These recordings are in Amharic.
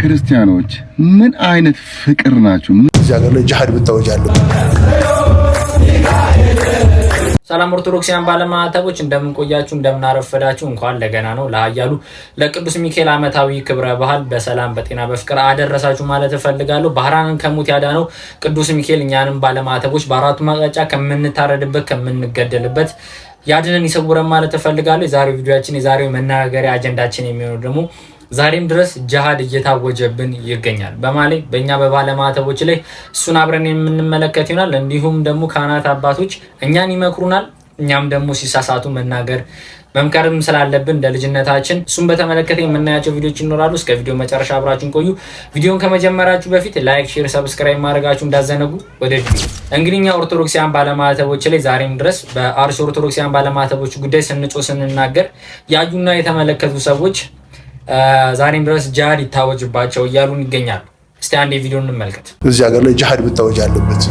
ክርስቲያኖች ምን አይነት ፍቅር ናችሁ! እዚህ ሀገር ላይ ጅሃድ ብታወጃለ። ሰላም ኦርቶዶክሲያን ባለማዕተቦች እንደምንቆያችሁ እንደምናረፈዳችሁ፣ እንኳን ለገና ነው ለሀያሉ ለቅዱስ ሚካኤል ዓመታዊ ክብረ በዓል በሰላም በጤና በፍቅር አደረሳችሁ ማለት እፈልጋለሁ። ባህራንን ከሞት ያዳነው ቅዱስ ሚካኤል እኛንም ባለማዕተቦች በአራቱ ማቅጣጫ ከምንታረድበት ከምንገደልበት ያድነን ይሰውረን ማለት እፈልጋለሁ። የዛሬው ቪዲዮችን የዛሬው መነጋገሪያ አጀንዳችን የሚሆነው ደግሞ ዛሬም ድረስ ጅሃድ እየታወጀብን ይገኛል በማሌ በእኛ በባለማተቦች ላይ እሱን አብረን የምንመለከት ይሆናል። እንዲሁም ደግሞ ካህናት አባቶች እኛን ይመክሩናል፣ እኛም ደግሞ ሲሳሳቱ መናገር መምከርም ስላለብን እንደ ልጅነታችን እሱን በተመለከተ የምናያቸው ቪዲዮች ይኖራሉ። እስከ ቪዲዮ መጨረሻ አብራችን ቆዩ። ቪዲዮን ከመጀመራችሁ በፊት ላይክ፣ ሼር፣ ሰብስክራይብ ማድረጋችሁ እንዳዘነጉ። ወደ ቪዲዮ ኦርቶዶክሲያን ባለማተቦች ላይ ዛሬም ድረስ በአርሲ ኦርቶዶክሲያን ባለማተቦች ጉዳይ ስንጮ ስንናገር ያዩና የተመለከቱ ሰዎች ዛሬም ድረስ ጅሃድ ይታወጅባቸው እያሉን ይገኛሉ። እስቲ አንድ ቪዲዮ እንመልከት። እዚህ ሀገር ላይ ጃሃድ መታወጅ አለበት።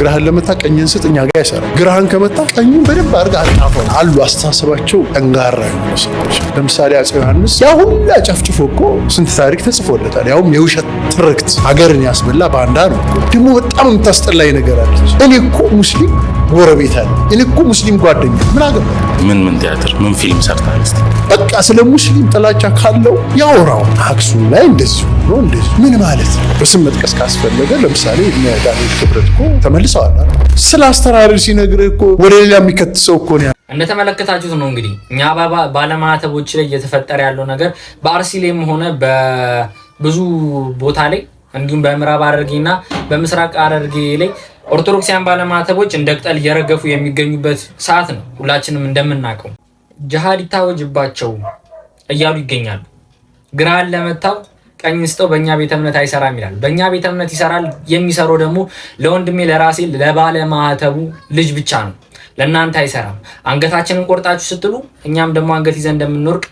ግራህን ለመታ ቀኝን ስጥ እኛ ጋር አይሰራም። ግራህን ከመታ ቀኝን በደንብ አድርገህ አጣፈው አሉ። አስተሳሰባቸው ጠንጋራ የሆነ ሰዎች ለምሳሌ አጼ ዮሐንስ ያ ሁላ ጨፍጭፎ እኮ ስንት ታሪክ ተጽፎለታል። ያውም የውሸት ትርክት ሀገርን ያስበላ ባንዳ ነው። ደግሞ በጣም የምታስጠላኝ ነገር አለች። እኔ እኮ ሙስሊም ጎረቤት አለ። እኔ እኮ ሙስሊም ጓደኛ ምን አገ ምን ምን ቲያትር ምን ፊልም ሰርታ ስ በቃ ስለ ሙስሊም ጥላቻ ካለው ያወራው። አክሱም ላይ እንደዚሁ ነው። እንደዚ ምን ማለት ነው? በስም መጥቀስ ካስፈለገ ለምሳሌ ዳንኤል ክብረት እኮ ተመልሰዋል። ስለ አስተራሪ ሲነግር እኮ ወደ ሌላ የሚከት ሰው እኮ ነው። እንደተመለከታችሁት ነው እንግዲህ እኛ ባለማዕተቦች ላይ እየተፈጠረ ያለው ነገር በአርሲ ላይም ሆነ በብዙ ቦታ ላይ እንዲሁም በምዕራብ ሐረርጌና በምስራቅ ሐረርጌ ላይ ኦርቶዶክሲያን ባለማተቦች እንደ ቅጠል እየረገፉ የሚገኙበት ሰዓት ነው። ሁላችንም እንደምናውቀው ጅሃድ ይታወጅባቸው እያሉ ይገኛሉ። ግራህን ለመታው ቀኝ ስጠው በእኛ ቤተ እምነት አይሰራም ይላል። በእኛ ቤተ እምነት ይሰራል። የሚሰራው ደግሞ ለወንድሜ ለራሴ ለባለማህተቡ ልጅ ብቻ ነው፣ ለእናንተ አይሰራም። አንገታችንን ቆርጣችሁ ስትሉ እኛም ደግሞ አንገት ይዘን እንደምንወርቅ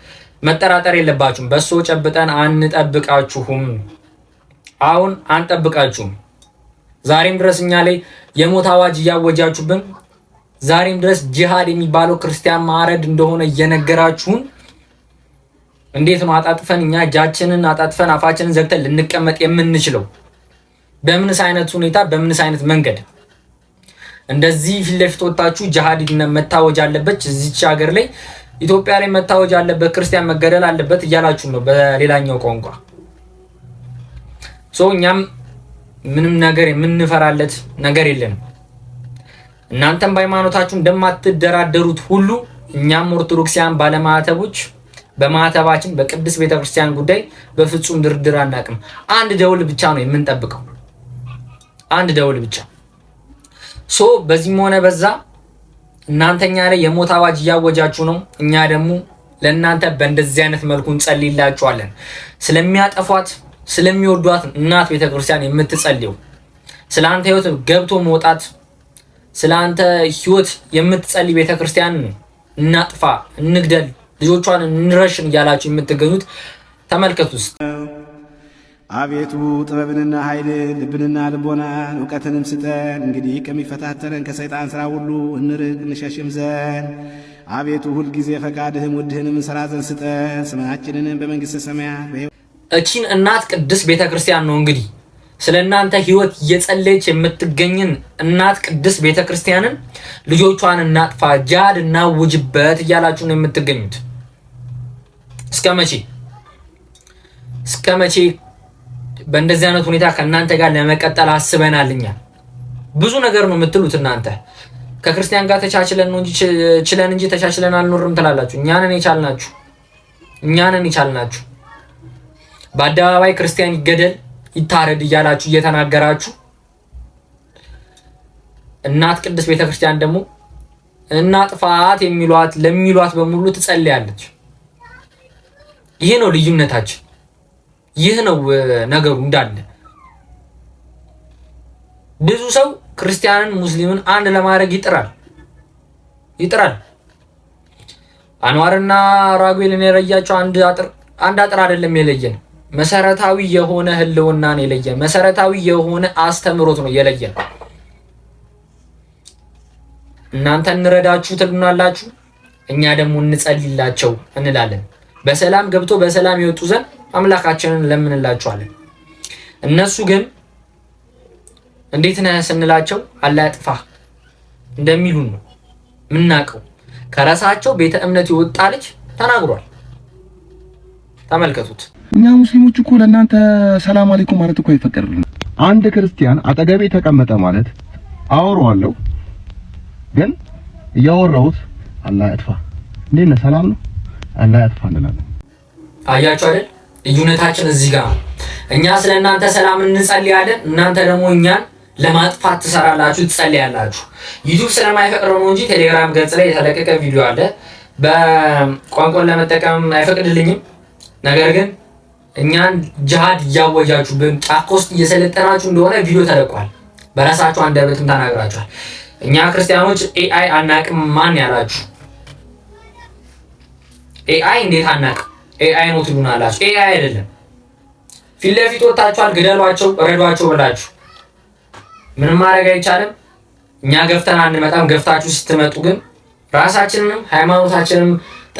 መጠራጠር የለባችሁም። በሶ ጨብጠን አንጠብቃችሁም። አሁን አንጠብቃችሁም። ዛሬም ድረስ እኛ ላይ የሞት አዋጅ እያወጃችሁብን፣ ዛሬም ድረስ ጂሃድ የሚባለው ክርስቲያን ማዕረድ እንደሆነ እየነገራችሁን እንዴት ነው አጣጥፈን እኛ እጃችንን አጣጥፈን አፋችንን ዘግተን ልንቀመጥ የምንችለው? በምንስ አይነት ሁኔታ በምንስ አይነት መንገድ እንደዚህ ፊት ለፊት ወጣችሁ ጂሃድ መታወጅ አለበት እዚች ሀገር ላይ ኢትዮጵያ ላይ መታወጅ አለበት፣ ክርስቲያን መገደል አለበት እያላችሁ ነው በሌላኛው ቋንቋ እኛም ምንም ነገር የምንፈራለት ነገር የለንም። እናንተም በሃይማኖታችሁ እንደማትደራደሩት ሁሉ እኛም ኦርቶዶክሲያን ባለማዕተቦች በማዕተባችን በቅድስት ቤተክርስቲያን ጉዳይ በፍጹም ድርድር አናቅም። አንድ ደውል ብቻ ነው የምንጠብቀው፣ አንድ ደውል ብቻ ሶ በዚህም ሆነ በዛ እናንተኛ ላይ የሞት አዋጅ እያወጃችሁ ነው። እኛ ደግሞ ለእናንተ በእንደዚህ አይነት መልኩ እንጸልይላችኋለን ስለሚያጠፏት ስለሚወዷት እናት ቤተክርስቲያን የምትጸልየው ስለ አንተ ህይወት ገብቶ መውጣት ስለ አንተ ህይወት የምትጸልይ ቤተክርስቲያን እናጥፋ፣ እንግደል፣ ልጆቿን እንረሽን እያላችሁ የምትገኙት ተመልከቱ ውስጥ አቤቱ ጥበብንና ኃይልን ልብንና ልቦናን እውቀትንም ስጠን። እንግዲህ ከሚፈታተረን ከሰይጣን ስራ ሁሉ እንርቅ እንሸሽም ዘንድ አቤቱ ሁልጊዜ ፈቃድህም ውድህንም ስራ ዘንድ ስጠን። ስማችንንም በመንግሥተ ሰማያት እቺን እናት ቅድስት ቤተ ክርስቲያን ነው እንግዲህ ስለ እናንተ ህይወት እየጸለየች የምትገኝን እናት ቅድስት ቤተ ክርስቲያንን ልጆቿን እናጥፋ፣ ጃድ እናውጅበት እያላችሁ ነው የምትገኙት። እስከ መቼ እስከ መቼ በእንደዚህ አይነት ሁኔታ ከእናንተ ጋር ለመቀጠል አስበናል? እኛ ብዙ ነገር ነው የምትሉት እናንተ ከክርስቲያን ጋር ተቻችለን ነው ችለን እንጂ ተቻችለን አልኖርም ትላላችሁ። እኛንን የቻልናችሁ እኛንን የቻልናችሁ በአደባባይ ክርስቲያን ይገደል ይታረድ እያላችሁ እየተናገራችሁ እናት ቅድስት ቤተክርስቲያን ደግሞ እና ጥፋት የሚሏት ለሚሏት በሙሉ ትጸልያለች። ይህ ነው ልዩነታችን። ይህ ነው ነገሩ እንዳለ ብዙ ሰው ክርስቲያንን ሙስሊምን አንድ ለማድረግ ይጥራል ይጥራል። አንዋርና ራጉኤልን የለያቸው አንድ አጥር አንድ አጥር አይደለም የለየን መሰረታዊ የሆነ ህልውናን የለየ መሰረታዊ የሆነ አስተምሮት ነው የለየን። እናንተ እንረዳችሁ ትልናላችሁ፣ እኛ ደግሞ እንጸልይላቸው እንላለን። በሰላም ገብቶ በሰላም የወጡ ዘንድ አምላካችንን ለምንላችኋለን። እነሱ ግን እንዴት ነህ ስንላቸው አላህ ያጥፋህ እንደሚሉን ነው ምናቀው። ከራሳቸው ቤተ እምነት የወጣ ልጅ ተናግሯል። ተመልከቱት። እኛ ሙስሊሞች እኮ ለእናንተ ሰላም አለይኩም ማለት እኮ አይፈቀድልንም። አንድ ክርስቲያን አጠገቤ ተቀመጠ ማለት አወራዋለሁ፣ ግን እያወራሁት አላህ ያጥፋ፣ እንዴት ነህ ሰላም ነው፣ አላህ ያጥፋ እንላለን። አያችሁ አይደል? ልዩነታችን እዚህ ጋር ነው። እኛ ስለ እናንተ ሰላም እንጸልያለን፣ እናንተ ደግሞ እኛን ለማጥፋት ትሰራላችሁ፣ ትጸልያላችሁ። ዩቱብ ስለማይፈቅደው ነው እንጂ ቴሌግራም ገጽ ላይ የተለቀቀ ቪዲዮ አለ። በቋንቋን ለመጠቀም አይፈቅድልኝም ነገር ግን እኛን ጅሃድ እያወጃችሁ ጫካ ውስጥ እየሰለጠናችሁ እንደሆነ ቪዲዮ ተለቋል። በራሳችሁ አንደበትም ተናግራችኋል። እኛ ክርስቲያኖች ኤአይ አናቅም ማን ያላችሁ? ኤአይ እንዴት አናቅም? ኤአይ ነው ትሉናላችሁ። ኤአይ አይደለም። ፊት ለፊት ወጥታችኋል። ግደሏቸው፣ ረዷቸው ብላችሁ ምንም ማድረግ አይቻልም። እኛ ገፍተን አንመጣም። ገፍታችሁ ስትመጡ ግን ራሳችንንም ሃይማኖታችንም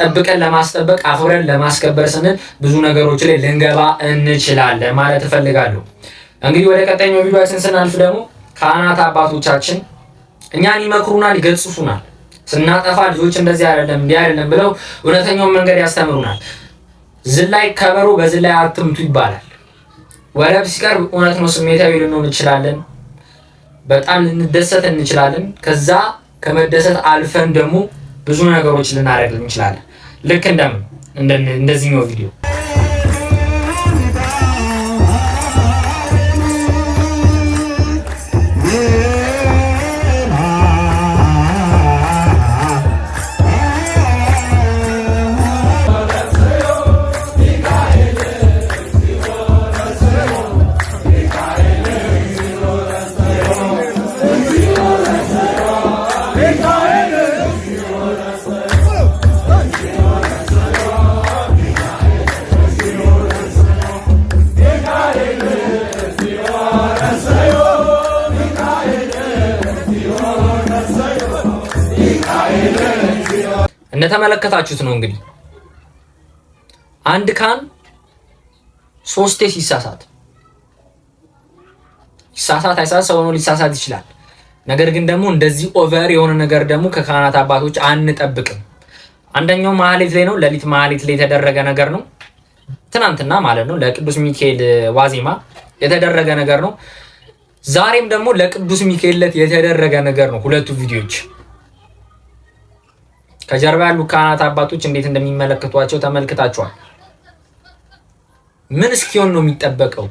ጠብቀን ለማስጠበቅ አክብረን ለማስከበር ስንል ብዙ ነገሮች ላይ ልንገባ እንችላለን ማለት እፈልጋለሁ። እንግዲህ ወደ ቀጣኛው ቪዲዮችን ስናልፍ ደግሞ ካህናት አባቶቻችን እኛን ይመክሩናል፣ ይገጽፉናል። ስናጠፋ ልጆች እንደዚህ አይደለም እንዲህ አይደለም ብለው እውነተኛውን መንገድ ያስተምሩናል። ዝላይ ከበሮ በዝላይ አትምቱ ይባላል። ወረብ ሲቀርብ እውነት ነው፣ ስሜታዊ ልንሆን እንችላለን። በጣም ልንደሰት እንችላለን። ከዛ ከመደሰት አልፈን ደግሞ ብዙ ነገሮች ልናደርግ እንችላለን። ልክ እንደምን እንደዚህኛው ቪዲዮ እንደተመለከታችሁት ነው እንግዲህ አንድ ካህን ሶስቴ ሲሳሳት ይሳሳት አይሳሳት ሰው ነው ሊሳሳት ይችላል። ነገር ግን ደግሞ እንደዚህ ኦቨር የሆነ ነገር ደግሞ ከካህናት አባቶች አንጠብቅም። አንደኛው ማህሌት ላይ ነው፣ ሌሊት ማህሌት ላይ የተደረገ ነገር ነው። ትናንትና ማለት ነው ለቅዱስ ሚካኤል ዋዜማ የተደረገ ነገር ነው። ዛሬም ደግሞ ለቅዱስ ሚካኤል ዕለት የተደረገ ነገር ነው። ሁለቱ ቪዲዮዎች ከጀርባ ያሉ ካህናት አባቶች እንዴት እንደሚመለከቷቸው ተመልክታችኋል። ምን እስኪሆን ነው የሚጠበቀው?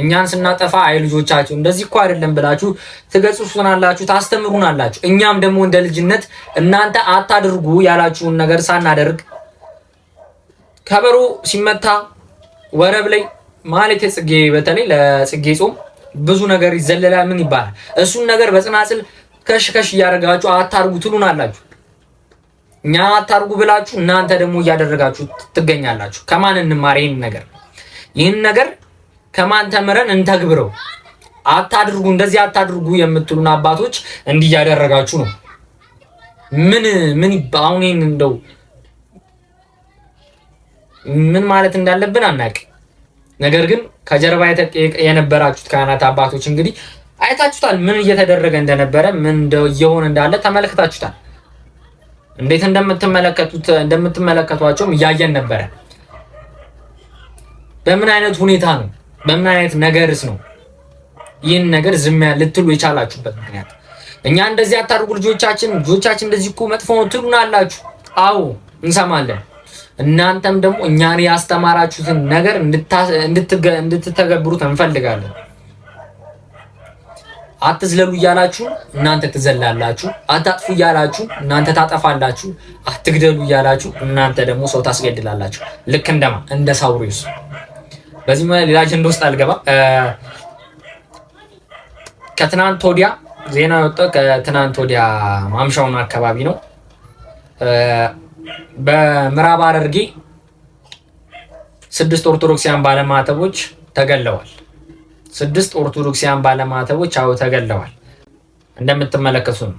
እኛን ስናጠፋ አይ ልጆቻቸው እንደዚህ እኮ አይደለም ብላችሁ ትገጽሱናላችሁ፣ ታስተምሩናላችሁ። እኛም ደግሞ እንደ ልጅነት እናንተ አታድርጉ ያላችሁን ነገር ሳናደርግ ከበሮ ሲመታ ወረብ ላይ ማለት ጽጌ በተለይ ለጽጌ ጾም ብዙ ነገር ይዘለላል። ምን ይባላል እሱን ነገር በጽናጽል ከሽከሽ እያደረጋችሁ አታርጉ ትሉን አላችሁ። እኛ አታርጉ ብላችሁ እናንተ ደግሞ እያደረጋችሁ ትገኛላችሁ። ከማን እንማር ይህን ነገር? ይህን ነገር ከማን ተምረን እንተግብረው? አታድርጉ፣ እንደዚህ አታድርጉ የምትሉን አባቶች እንዲህ እያደረጋችሁ ነው። ምን ምን አሁን ይህን እንደው ምን ማለት እንዳለብን አናውቅ። ነገር ግን ከጀርባ የነበራችሁት ካህናት አባቶች እንግዲህ አይታችሁታል፣ ምን እየተደረገ እንደነበረ ምን እየሆነ እንዳለ ተመልክታችሁታል። እንዴት እንደምትመለከቱት እንደምትመለከቷቸውም እያየን ነበረ። በምን አይነት ሁኔታ ነው በምን አይነት ነገርስ ነው ይህን ነገር ዝም ልትሉ የቻላችሁበት ምክንያት? እኛ እንደዚህ አታርጉ ልጆቻችን ልጆቻችን እንደዚህ እኮ መጥፎ ነው አው አዎ እንሰማለን። እናንተም ደግሞ እኛን ያስተማራችሁትን ነገር እንድትተገብሩት እንፈልጋለን። አትዝለሉ እያላችሁ እናንተ ትዘላላችሁ፣ አታጥፉ እያላችሁ እናንተ ታጠፋላችሁ፣ አትግደሉ እያላችሁ እናንተ ደግሞ ሰው ታስገድላላችሁ። ልክ እንደማ እንደ ሳውሪስ። በዚህ ሌላ አጀንዳ ውስጥ አልገባ። ከትናንት ወዲያ ዜና የወጣው ከትናንት ወዲያ ማምሻውን አካባቢ ነው። በምዕራብ ሐረርጌ ስድስት ኦርቶዶክሲያን ባለማተቦች ተገለዋል። ስድስት ኦርቶዶክሲያን ባለማተቦች አው ተገለዋል። እንደምትመለከቱ ነው።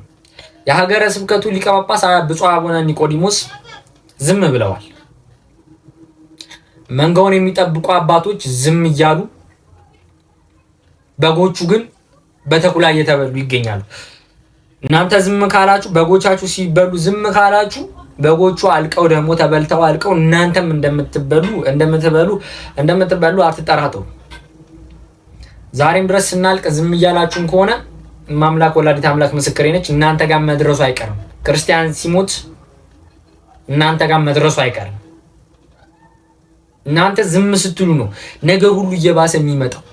የሀገረ ስብከቱ ሊቀ ጳጳስ ብፁዕ አቡነ ኒቆዲሞስ ዝም ብለዋል። መንጋውን የሚጠብቁ አባቶች ዝም እያሉ በጎቹ ግን በተኩላ እየተበሉ ይገኛሉ። እናንተ ዝም ካላችሁ በጎቻችሁ ሲበሉ ዝም ካላችሁ በጎቹ አልቀው ደግሞ ተበልተው አልቀው እናንተም እንደምትበሉ እንደምትበሉ እንደምትበሉ አትጠራጠሩ። ዛሬም ድረስ ስናልቅ ዝም እያላችሁን ከሆነ ማምላክ ወላዲት አምላክ ምስክሬ ነች፣ እናንተ ጋር መድረሱ አይቀርም። ክርስቲያን ሲሞት እናንተ ጋር መድረሱ አይቀርም። እናንተ ዝም ስትሉ ነው ነገር ሁሉ እየባሰ የሚመጣው።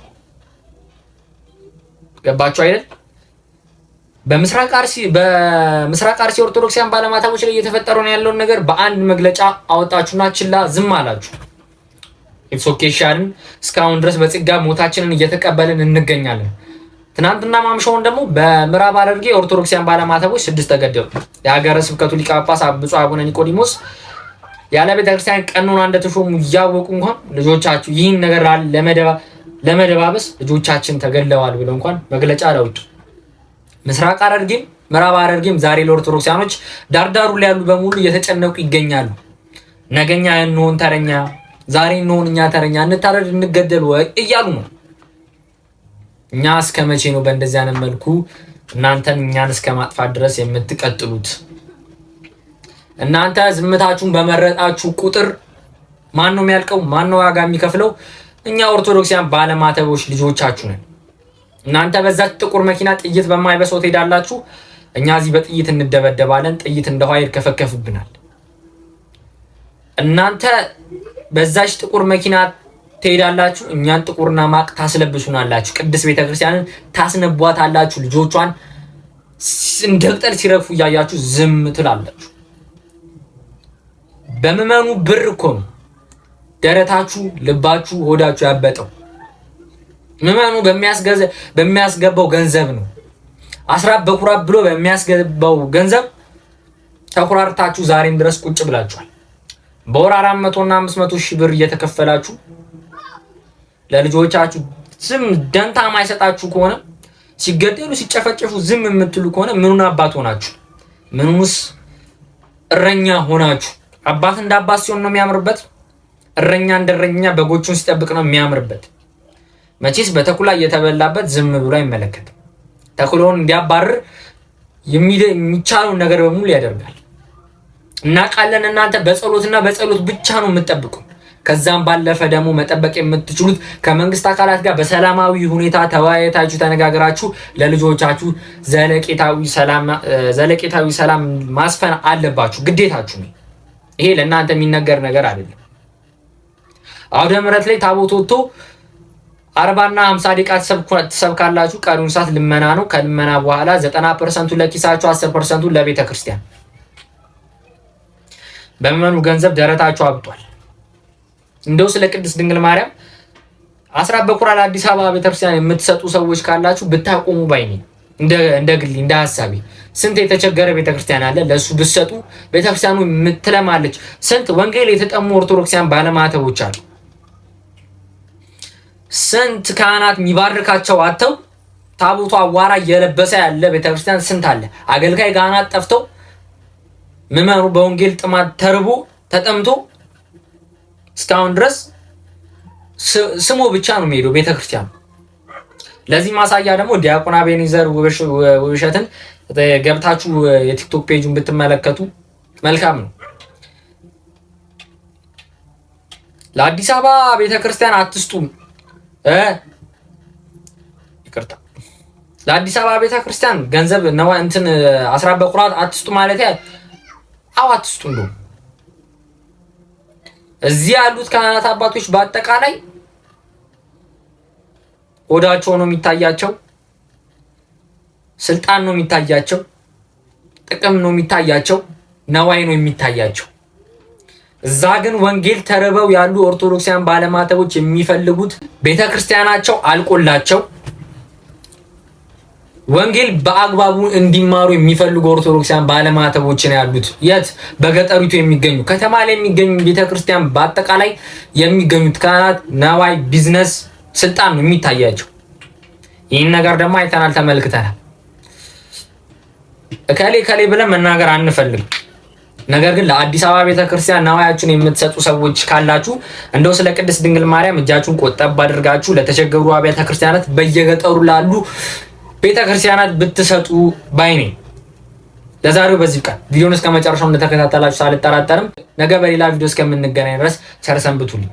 ገባችሁ አይደል? በምስራቅ አርሲ በምስራቅ አርሲ ኦርቶዶክሲያን ባለማታቦች ላይ እየተፈጠረ ነው ያለውን ነገር በአንድ መግለጫ አወጣችሁና ችላ ዝም አላችሁ። ኤክሶኬሻንን እስካሁን ድረስ በጽጋ ሞታችንን እየተቀበልን እንገኛለን። ትናንትና ማምሻውን ደግሞ በምዕራብ ሐረርጌ ኦርቶዶክሲያን ባለማተቦች ስድስት ተገደሉ። የሀገረ ስብከቱ ሊቀ ጳጳስ ብፁዕ አቡነ ኒቆዲሞስ ያለ ቤተክርስቲያን ቀኖና እንደተሾሙ እያወቁ እንኳን ልጆቻችሁ ይህን ነገር ለመደባበስ ልጆቻችን ተገለዋል ብለው እንኳን መግለጫ ለውጡ ምስራቅ ሐረርጌም ምዕራብ ሐረርጌም ዛሬ ለኦርቶዶክሲያኖች ዳርዳሩ ላይ ያሉ በሙሉ እየተጨነቁ ይገኛሉ። ነገኛ እንሆን ተረኛ ዛሬ እንሆን እኛ ተረኛ እንታረድ እንገደል ወይ እያሉ ነው። እኛ እስከ መቼ ነው በእንደዚህ አይነት መልኩ እናንተን እኛን እስከ ማጥፋት ድረስ የምትቀጥሉት? እናንተ ዝምታችሁን በመረጣችሁ ቁጥር ማን ነው የሚያልቀው? ማን ነው ዋጋ የሚከፍለው? እኛ ኦርቶዶክሲያን ባለማተቦች ልጆቻችሁ ነን። እናንተ በዛች ጥቁር መኪና ጥይት በማይበሰው ትሄዳላችሁ። እኛ እዚህ በጥይት እንደበደባለን። ጥይት እንደ ውሃ ይርከፈከፍብናል። እናንተ በዛች ጥቁር መኪና ትሄዳላችሁ፣ እኛን ጥቁርና ማቅ ታስለብሱናላችሁ፣ ቅድስት ቤተክርስቲያንን ታስነቧታላችሁ፣ ልጆቿን እንደ ቅጠል ሲረግፉ እያያችሁ ዝም ትላላችሁ። በምዕመኑ ብር እኮ ነው ደረታችሁ፣ ልባችሁ፣ ሆዳችሁ ያበጠው። ምመኑ በሚያስገባው ገንዘብ ነው አስራት በኩራት ብሎ በሚያስገባው ገንዘብ ተኩራርታችሁ ዛሬም ድረስ ቁጭ ብላችኋል። በወር አራት መቶ እና አምስት መቶ ሺህ ብር እየተከፈላችሁ ለልጆቻችሁ ዝም ደንታ ማይሰጣችሁ ከሆነ ሲገደሉ ሲጨፈጨፉ ዝም የምትሉ ከሆነ ምኑን አባት ሆናችሁ ምኑንስ እረኛ ሆናችሁ? አባት እንደ አባት ሲሆን ነው የሚያምርበት። እረኛ እንደ እረኛ በጎቹን ሲጠብቅ ነው የሚያምርበት። መቼስ በተኩላ እየተበላበት ዝም ብሎ አይመለከትም። ተኩላውን እንዲያባርር የሚቻለውን ነገር በሙሉ ያደርጋል። እናውቃለን። እናንተ በጸሎትና በጸሎት ብቻ ነው የምትጠብቁ። ከዛም ባለፈ ደግሞ መጠበቅ የምትችሉት ከመንግስት አካላት ጋር በሰላማዊ ሁኔታ ተወያየታችሁ ተነጋግራችሁ ለልጆቻችሁ ዘለቄታዊ ሰላም ማስፈን አለባችሁ፣ ግዴታችሁ ነው። ይሄ ለእናንተ የሚነገር ነገር አይደለም። አውደ ምሕረት ላይ ታቦት ወጥቶ አርባና ሀምሳ ደቂቃ ትሰብካላችሁ። ቀሪውን ሰዓት ልመና ነው። ከልመና በኋላ ዘጠና ፐርሰንቱ ለኪሳችሁ፣ አስር ፐርሰንቱ ለቤተ ክርስቲያን በምዕመኑ ገንዘብ ደረታቸው አብጧል። እንደው ስለ ቅድስት ድንግል ማርያም አስራት በኩራል አዲስ አበባ ቤተክርስቲያን የምትሰጡ ሰዎች ካላችሁ ብታቆሙ ባይኔ እንደ ግሌ እንደ ሀሳቢ ስንት የተቸገረ ቤተክርስቲያን አለ። ለእሱ ብትሰጡ ቤተክርስቲያኑ የምትለማለች። ስንት ወንጌል የተጠሙ ኦርቶዶክሲያን ባለማተቦች አሉ። ስንት ካህናት የሚባርካቸው አተው ታቦቱ አዋራ እየለበሰ ያለ ቤተክርስቲያን ስንት አለ። አገልጋይ ካህናት ጠፍተው ምዕመኑ በወንጌል ጥማት ተርቦ ተጠምቶ እስካሁን ድረስ ስሙ ብቻ ነው የሚሄደው ቤተክርስቲያን። ለዚህ ማሳያ ደግሞ ዲያቆን ቤኒዘር ውብሸትን ገብታችሁ የቲክቶክ ፔጁን ብትመለከቱ መልካም ነው። ለአዲስ አበባ ቤተክርስቲያን አትስጡ፣ ይቅርታ፣ ለአዲስ አበባ ቤተክርስቲያን ገንዘብ ነዋ እንትን አስራ በቁራት አትስጡ ማለት አዎ አትስቱ። እንደውም እዚህ ያሉት ካህናት አባቶች በአጠቃላይ ሆዳቸው ነው የሚታያቸው፣ ስልጣን ነው የሚታያቸው፣ ጥቅም ነው የሚታያቸው፣ ነዋይ ነው የሚታያቸው። እዛ ግን ወንጌል ተርበው ያሉ ኦርቶዶክሳውያን ባለማተቦች የሚፈልጉት ቤተክርስቲያናቸው አልቆላቸው ወንጌል በአግባቡ እንዲማሩ የሚፈልጉ ኦርቶዶክሳን ባለማተቦች ነው ያሉት። የት በገጠሪቱ የሚገኙ ከተማ ላይ የሚገኙ ቤተክርስቲያን በአጠቃላይ የሚገኙት ካህናት ነዋይ፣ ቢዝነስ፣ ስልጣን ነው የሚታያቸው። ይህን ነገር ደግሞ አይተናል፣ ተመልክተናል። እከሌ ከሌ ብለን መናገር አንፈልግም። ነገር ግን ለአዲስ አበባ ቤተክርስቲያን ነዋያችሁን የምትሰጡ ሰዎች ካላችሁ እንደው ስለ ቅድስት ድንግል ማርያም እጃችሁን ቆጠብ አድርጋችሁ ለተቸገሩ አብያተ ክርስቲያናት በየገጠሩ ላሉ ቤተ ክርስቲያናት ብትሰጡ ባይ ነኝ። ለዛሬው በዚህ ቃል ቪዲዮን እስከ መጨረሻው እንደተከታተላችሁ ሳልጠራጠርም ነገ በሌላ ቪዲዮ እስከምንገናኝ ድረስ ቸር ሰንብቱልኝ።